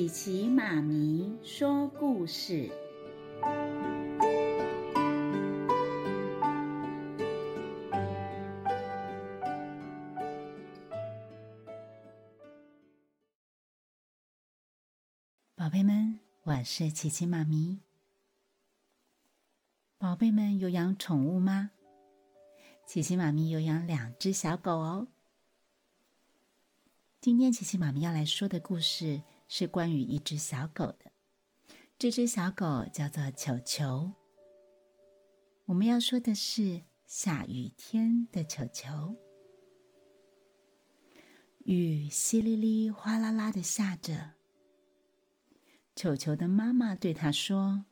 琪琪媽咪說故事，寶貝們，我是琪琪媽咪。寶貝們有養寵物嗎？琪琪媽咪有養兩隻小狗哦。今天琪琪媽咪要來說的故事。是關於一隻小狗的。這隻小狗叫做球球。我們要說的是下雨天的球球。雨淅瀝瀝、嘩啦啦的下着。球球的媽媽對他說：“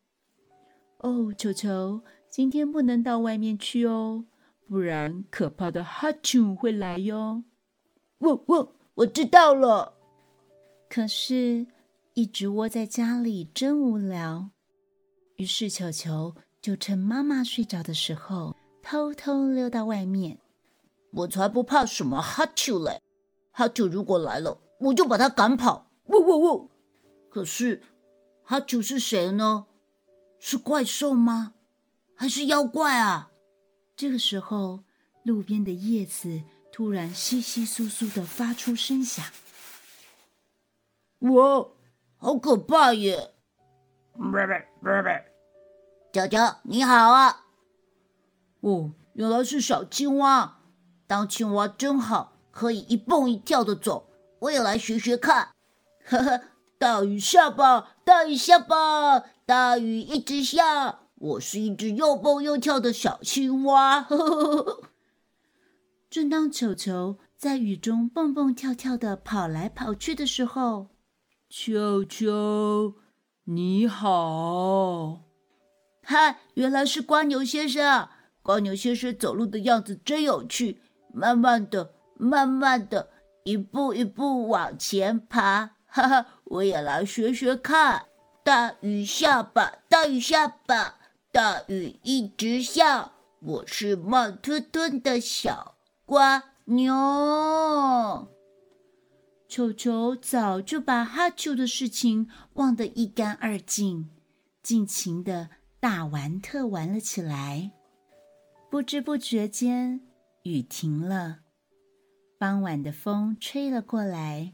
哦，球球，今天不能到外面去哦，不然可怕的哈啾會來喲。哦”“汪、哦、汪，我知道了。”可是，一直窩在家裡真無聊。於是，球球就趁媽媽睡着的時候，偷偷溜到外面。我才不怕什麼哈啾嘞！哈啾如果來了，我就把他趕跑。嗚嗚嗚！可是，哈啾是誰呢？是怪獸嗎？還是妖怪啊？這個時候，路邊的葉子突然悉悉簌簌的發出聲響。哇，好可怕耶！咩咩咩咩，球球，你好啊！哦，原來是小青蛙，當青蛙真好，可以一蹦一跳的走。我也來學學看。呵呵，大雨下吧，大雨下吧，大雨一直下。我是一隻又蹦又跳的小青蛙。呵呵呵呵。正當球球在雨中蹦蹦跳跳的跑來跑去的時候，球球，你好！嗨，原來是蝸牛先生啊！蝸牛先生走路的樣子真有趣，慢慢的、慢慢的，一步一步往前爬。哈哈，我也來學學看。大雨下吧，大雨下吧，大雨一直下。我是慢吞吞的小蝸牛。球球早就把哈啾的事情忘得一乾二淨，盡情的大玩特玩了起來。不知不覺間，雨停了，傍晚的風吹了過來，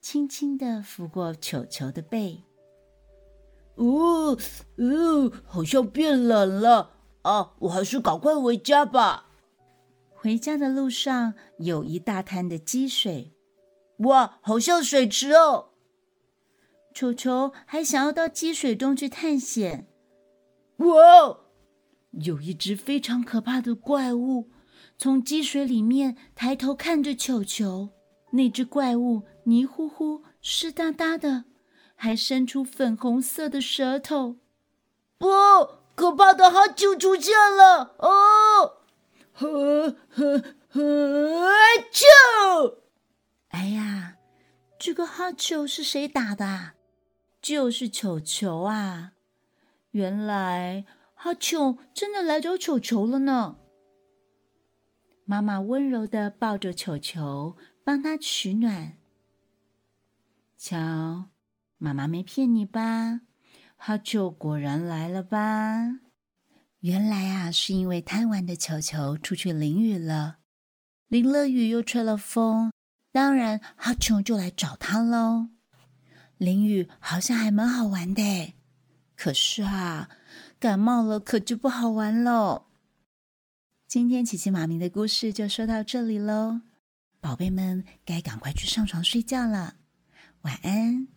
輕輕的拂過球球的背。哦，哦，好像變冷了。啊，我還是趕快回家吧。回家的路上有一大灘的積水。哇，好像水池哦！球球還想要到積水中去探險。哇，有一隻非常可怕的怪物從積水裡面抬頭看着球球。那隻怪物泥糊糊、濕噠噠的，還伸出粉紅色的舌頭。不，可怕的哈啾出現了！哦，哈哈哈啾！這個哈啾是誰打的？就是球球啊！原來哈啾真的來找球球了呢。媽媽溫柔的抱着球球，幫他取暖。瞧，媽媽沒騙你吧？哈啾果然來了吧？原來啊，是因為貪玩的球球出去淋雨了，淋了雨又吹了風。當然，哈啾就來找他嘍。淋雨好像還蠻好玩的，哎，可是啊，感冒了可就不好玩嘍。今天琪琪媽咪的故事就說到這裡嘍，寶貝們該趕快去上床睡覺了，晚安。